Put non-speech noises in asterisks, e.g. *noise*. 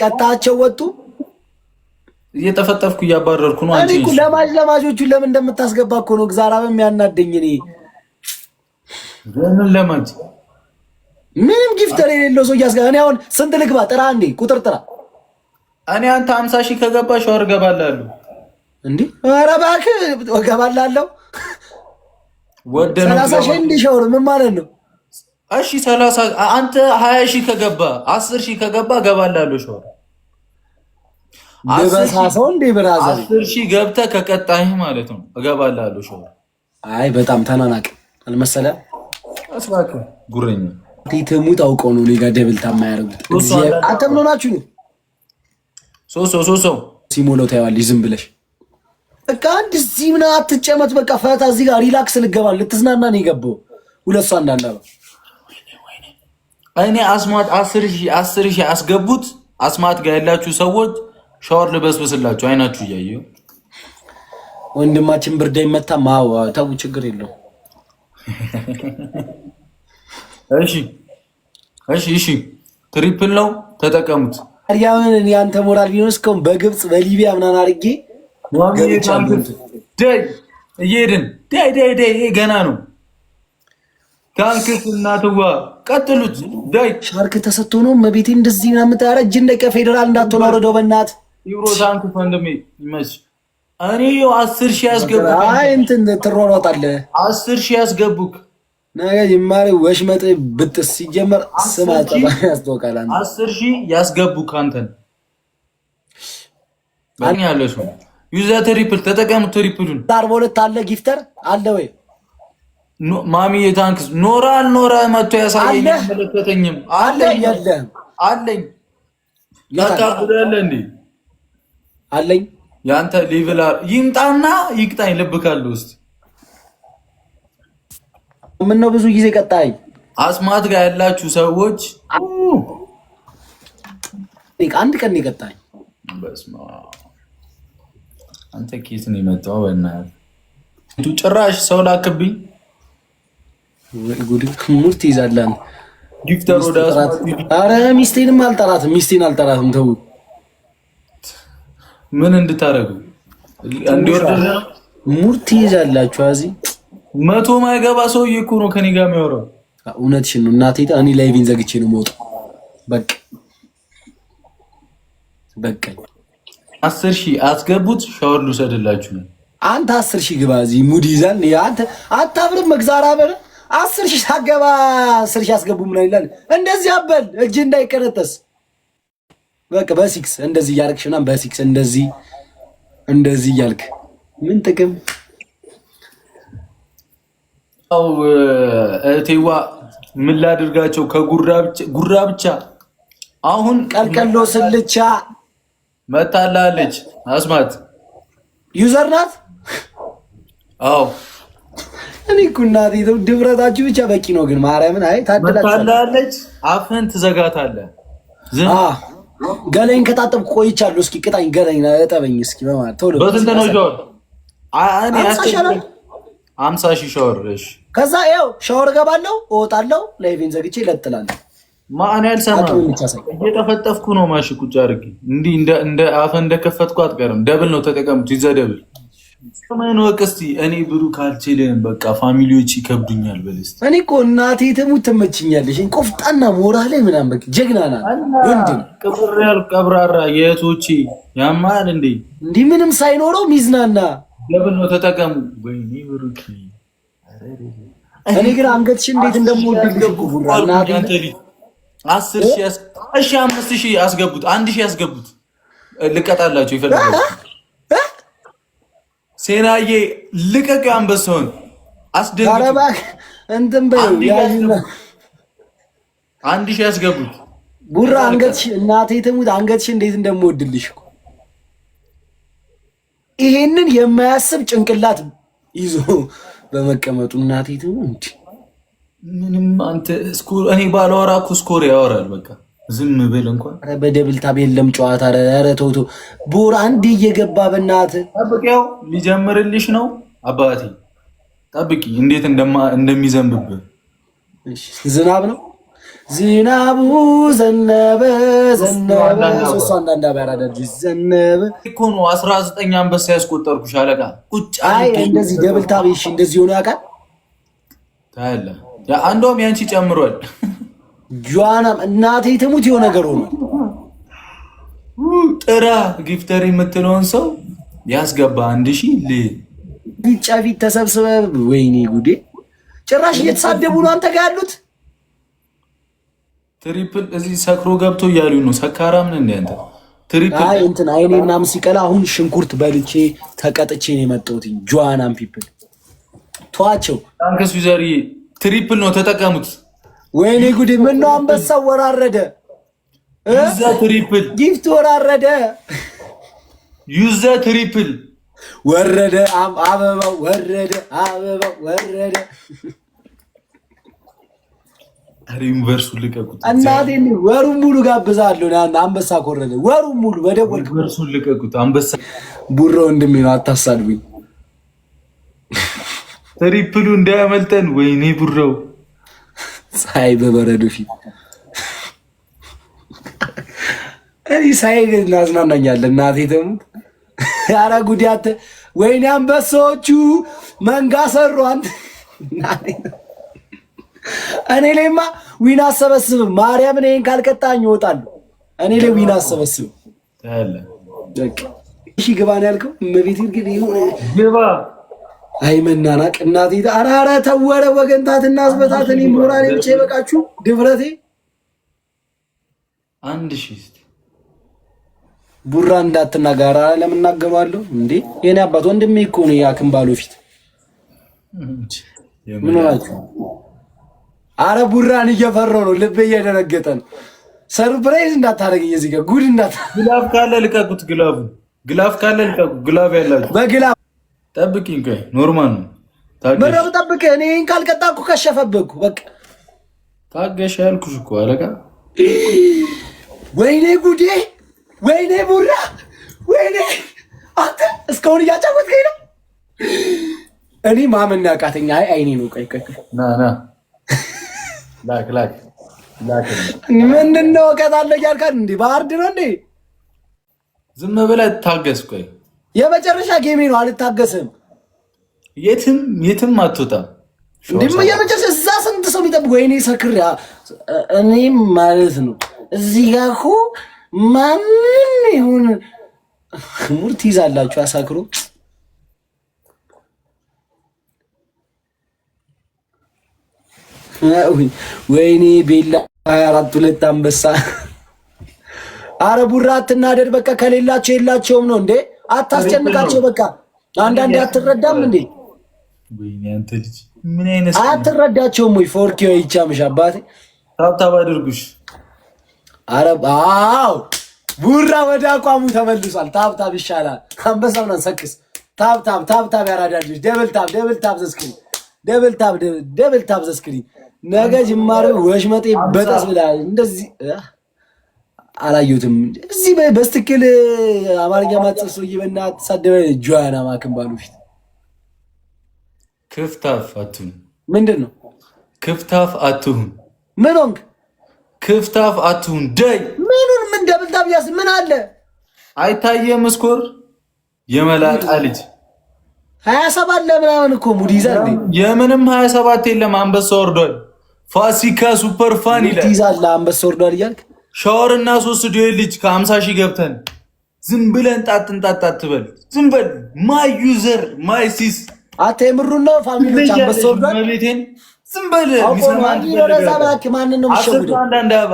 ቀጣቸው ወጡ። እየጠፈጠፍኩ እያባረርኩ ነው። አንቺ ለማጅ ለማጆቹን ለምን እንደምታስገባ እኮ ነው እግዚአብሔር የሚያናደኝ። እኔ ለምን ለማጅ ምንም ጊፍተር የሌለው ሰው እያስጋ እኔ አሁን ስንት ልግባ? ጥራ እንዴ ቁጥር ጥራ። እኔ አንተ ሀምሳ ሺህ ከገባ ሸዋር እገባላለሁ። እንዴ ኧረ እባክህ እገባላለሁ። ወደ ነው ሰላሳ ሺህ እንዲህ ሸዋር ምን ማለት ነው? እሺ ሰላሳ አንተ ሀያ ሺህ ከገባ አስር ሺህ ከገባ ገባላለሁ ሸዋ አስር ሺህ ገብተህ ከቀጣይ ማለት ነው እገባላለሁ ሸዋ። አይ በጣም ተናናቅ አልመሰለ አስባከ ጉረኛ ትሙት ታውቀው ነው ሊጋ ደብል ታማያደርጉት። አንተም ነው ናችሁ ነው ሶሶ ሶሶ ሲሞላው ዝም ብለሽ በቃ አንድ እዚህ አትጨመት። በቃ ፈታ እዚህ ጋር ሪላክስ ልገባል ልትዝናና ነው የገባው ሁለት ሰው እኔ አስማት አስር ሺህ አስር ሺህ አስገቡት። አስማት ጋር ያላችሁ ሰዎች ሻወር ልበስብስላችሁ አይናችሁ እያየሁ ወንድማችን ብርዳ ይመታ ማው ተው፣ ችግር የለው። *laughs* እሺ እሺ እሺ፣ ትሪፕል ነው ተጠቀሙት። አሪያምን ያንተ ሞራል ቢሆን እስካሁን በግብጽ በሊቢያ ምናን አድርጌ እየሄድን ዳይ ዳይ ገና ነው ታንክስ እናትዋ ቀጥሉት። ዳይ ሻርክ ተሰጥቶ ነው መቤቴ እንደዚህ ምናምን የምታረ እጅ ደቀ ፌዴራል እንዳትሆን አውረደው በእናትህ ዩሮ ታንክ ወንድሜ ይመች። እኔ ው አስር ሺህ ያስገቡ አይ እንትን ትሯሯጣለህ። አስር ሺህ ያስገቡክ ነገ ይማሪ ወሽመጥ ብጥስ ሲጀመር ስም አጠባ ያስታውቃል። አስር ሺህ ያስገቡክ አንተን ባኝ ያለሽ ዩዘ ትሪፕል ተጠቀሙ ትሪፕሉን አርባ ሁለት አለ ጊፍተር አለ ወይ ማሚ ታንክስ ኖረ አልኖረ መጥቶ ያሳየኝ አይመለከተኝም። አለኝ አለኝ ያቃብዳለ እንዴ አለኝ ያንተ ሊቭላ ይምጣና ይቅጣኝ። ልብ ካለ ውስጥ ምን ነው ብዙ ጊዜ ቀጣይ አስማት ጋር ያላችሁ ሰዎች አንድ ቀን ይቀጣኝ። በስማ አንተ ኬት ነው የመጣው? በእናትህ ጭራሽ ሰው ላክብኝ ጉድክ ይዛለን ትይዛለህ። አረ ሚስቴንም አልጠራትም፣ ሚስቴን አልጠራትም። ተው ምን እንድታረጉ ሙርት ይዛላችሁ አዚ መቶ ማይገባ ሰውዬ እኮ ነው ከኔ ጋር የሚያወራው። እውነትሽን ነው እናቴ። እኔ ላይቪን ዘግቼ ነው የምወጣው። በቃ በቃ አስር ሺህ አስገቡት። ሻወር ልውሰድላችሁ። አንተ አስር ሺህ ግባ። እዚህ ሙድ ይዛል። አንተ አታብርም መግዛራ በረ አስር ሺህ ሳገባ አስር ሺህ አስገቡም ነው ይላል። እንደዚህ አበል እጅ እንዳይቀረጠስ በቃ በሲክስ እንደዚህ እያልክሽ ምናምን በሲክስ እንደዚህ እንደዚህ እያልክ ምን ጥቅም አው እቴዋ ምን ላድርጋቸው? ከጉራ ብቻ አሁን ቀልቀሎ ስልቻ መታላለች። አስማት ዩዘር ናት። አዎ እኔ እኮ እናቴ ድፍረታችሁ ብቻ በቂ ነው። ግን ማርያምን አይ ታድላለች። አፍህን ትዘጋታለህ። ገለኝ ከታጠብኩ ቆይቻለሁ። እስኪ ቅጣኝ፣ ገለኝ እጠበኝ እስኪ በማለት ቶሎ በስንት ነው ሻወር? አምሳ ሺህ ሻወር። እሺ ከዛ ይኸው ሻወር እገባለሁ፣ እወጣለሁ፣ ላይቬን ዘግቼ እለጥላለሁ። ማን ያልሰማህ እየጠፈጠፍኩ ነው ማሽ ቁጭ አድርጌ እንዲህ እንደ አፈ እንደከፈትኩ አትቀርም። ደብል ነው ተጠቀምኩት፣ ይዘህ ደብል ሰማይን እኔ ብሩ አልችልም፣ በቃ ፋሚሊዎች ይከብዱኛል እኔ እኮ እናቴ ትሙት ትመችኛለሽ፣ ቆፍጣና ሞራ ላይ በቃ ጀግና ቀብራራ የእህቶቼ ያማል እንዴ እንዲህ ምንም ሳይኖረው ሚዝናና ለምን ነው ተጠቀሙ። ወይኔ እኔ ግን አንገትሽ እንዴት አስር አስገቡት፣ አንድ ሺ አስገቡት፣ ልቀጣላቸው ይፈልጋል ሴናዬ ልቀቅ፣ አንበሳውን አስደንግጥ። እንትን አንድ ሺህ ያስገቡት ቡራ አንገትሽ፣ እናቴ ትሙት አንገትሽ፣ እንዴት እንደምወድልሽ ይሄንን የማያስብ ጭንቅላት ይዞ በመቀመጡ እናቴ እንዲ ምንም አንተ እኔ ባላወራ እኮ ስኮር ያወራል በቃ ዝም ብል እንኳን በደብል ታብ የለም ጨዋታ። ኧረ ተው ተው፣ ቡር አንድ እየገባ በእናት ጠብቂው፣ ሊጀምርልሽ ነው አባቴ። ጠብቂ፣ እንዴት እንደማ እንደሚዘንብብህ ዝናብ ነው። ዝናቡ ዘነበ ዘነበ፣ ሶስቱ አንዳንድ አባራዳ ዘነበ እኮ ነው። አስራ ዘጠኝ አንበሳ ያስቆጠርኩሽ አለቃ። ቁጭ አይ እንደዚህ ደብል ታብ እሺ፣ እንደዚህ ሆኖ ያውቃል። ታያለህ፣ አንዷም ያንቺ ጨምሯል። ጆዋናም እናቴ ትሙት የሆነ ነገር ሆኖ ጥራ ጊፍተር የምትለውን ሰው ያስገባ አንድ ሺህ ቢጫ ፊት ተሰብስበ ወይኔ ጉዴ! ጭራሽ እየተሳደቡ ነው አንተ ጋር ያሉት። ትሪፕል እዚህ ሰክሮ ገብቶ እያሉ ነው። ሰካራም ነህ እንደ አንተ ትሪፕል። እንትን አይኔ ምናምን ሲቀላ አሁን ሽንኩርት በልቼ ተቀጥቼ ነው የመጣሁት። ጆዋናም ፒፕል ተዋቸው። ታንክስ ዩዘሪ ትሪፕል ነው ተጠቀሙት። ወይኔ ጉዴ! ምነው አንበሳው ወራረደ? ዩዘ ትሪፕል ጊፍት ወራረደ። ዩዘ ትሪፕል ወረደ። አበባው ወረደ። አበባው ወረደ። ሪዩኒቨርሱ ልቀቁት እናቴ። ወሩን ሙሉ ጋብዛለሁ። አንበሳ ኮረደ። ወሩን ሙሉ በደወልክ ዩኒቨርሱን ልቀቁት። አንበሳ ቡሮ ወንድሜ ነው፣ ትሪፕሉ እንዳያመልጠን። ወይኔ ቡረው ፀሐይ በበረዶ ፊት እኔ ሳይ እናዝናናኛለ። እናቴ ተሙት አረ ጉዳት ወይኔ አንበሳዎቹ መንጋ ሰሩ። አንተ እኔ ላይማ ዊን አሰበስብም። ማርያምን ይሄን ካልቀጣኝ እወጣለሁ። እኔ ላይ ዊን አሰበስብም። እሺ ግባ ነው ያልከው። እመቤቴን ግን ግባ አይ መናናቅ እናት አራረ ተወረ ወገንታት እናስበታት እኔ ሞራሌ ብቻ ይበቃችሁ። ድፍረቴ አንድ ሺ ቡራ እንዳትናገር ለምናገሯለሁ እንዴ የኔ አባት ወንድሜ እኮ ነው። ያክን ባሉ ፊት ምን ሆናችሁ? አረ ቡራን እየፈራሁ ነው። ልቤ እየደነገጠ ነው። ሰርፕራይዝ እንዳታደርገኝ እዚህ ጋር ጉድ እንዳታ ግላፍ ካለ ልቀቁት። ግላፉ ግላፍ ካለ ልቀቁት። ግላፍ ያላችሁ በግላፍ ጠብቂኝ። ቆይ ኖርማል ነው። ጠብቅ። እኔ ካልቀጣ እኮ ከሸፈበኩ በቃ ታገሽ ያልኩሽ እኮ አለቃ። ወይኔ ጉዴ! ወይኔ ቡራ! ወይኔ አንተ እስካሁን እያጫወትከኝ ነው። እኔ ማመን አይ አይኔ ነው። ና ና፣ ላክ ላክ ላክ። ምንድን ነው እቀጣለሁ እንዴ? ባህር እንዴ? ዝም ብለህ ታገስ። ቆይ የመጨረሻ ጌሜ ነው። አልታገስም። የትም የትም አትወጣም። እንዲም የመጨረሻ እዛ ስንት ሰው የሚጠብቁ ወይኔ ሰክር እኔም ማለት ነው። እዚህ ጋ እኮ ማንም ይሁን ሙር ትይዛላችሁ አሳክሮ ወይኔ ቤላ ሀያ ሁለት አንበሳ አረ ቡራ አትናደድ። በቃ ከሌላቸው የላቸውም ነው እንዴ አታስጨንቃቸው። በቃ አንዳንዴ አትረዳም እንዴ? አትረዳቸውም ወይ? ፎርኪ ይቻምሽ አባቴ ታብታብ አድርጉሽ። አረብ ቡራ ወደ አቋሙ ተመልሷል። ታብታብ ይሻላል። አንበሳውን ሰክስ ታብታብ ታብታብ ያራዳልሽ። ደብል ታብ ደብል ታብ ዘስክሪ ደብል ታብ ደብል ታብ ዘስክሪ። ነገ ጅማሬው ወሽመጤ በጠስ ብላ እንደዚህ አላየሁትም። እዚህ በስትክል አማርኛ ማጽፍ ሰውዬ በእናትህ ጆያና ጆዋና ባሉ ፊት ክፍታፍ አትሁን። ምንድን ነው ክፍታፍ አትሁን? ምን ሆንክ? ክፍታፍ አትሁን። ደይ ምኑን ምን ደብልታ ብያስ ምን አለ አይታየ እስኮር የመላጣ ልጅ ሀያ ሰባት ለምናምን እኮ ሙድ ይዛል። የምንም ሀያ ሰባት የለም። አንበሳ ወርዷል። ፋሲካ ሱፐር ፋን ይላል። ይዛል አንበሳ ወርዷል እያልክ ሻወር እና ሶስት ዱዌል ልጅ ከአምሳ ሺህ ገብተን ዝም ብለን ጣት እንጣጣ ትበል ዝም በል ማይ ዩዘር ማይ ሲስ አተ የምሩ ነው ፋሚሊዎች አንበሶ ዝም በል ሚሰማ አንድ ነው።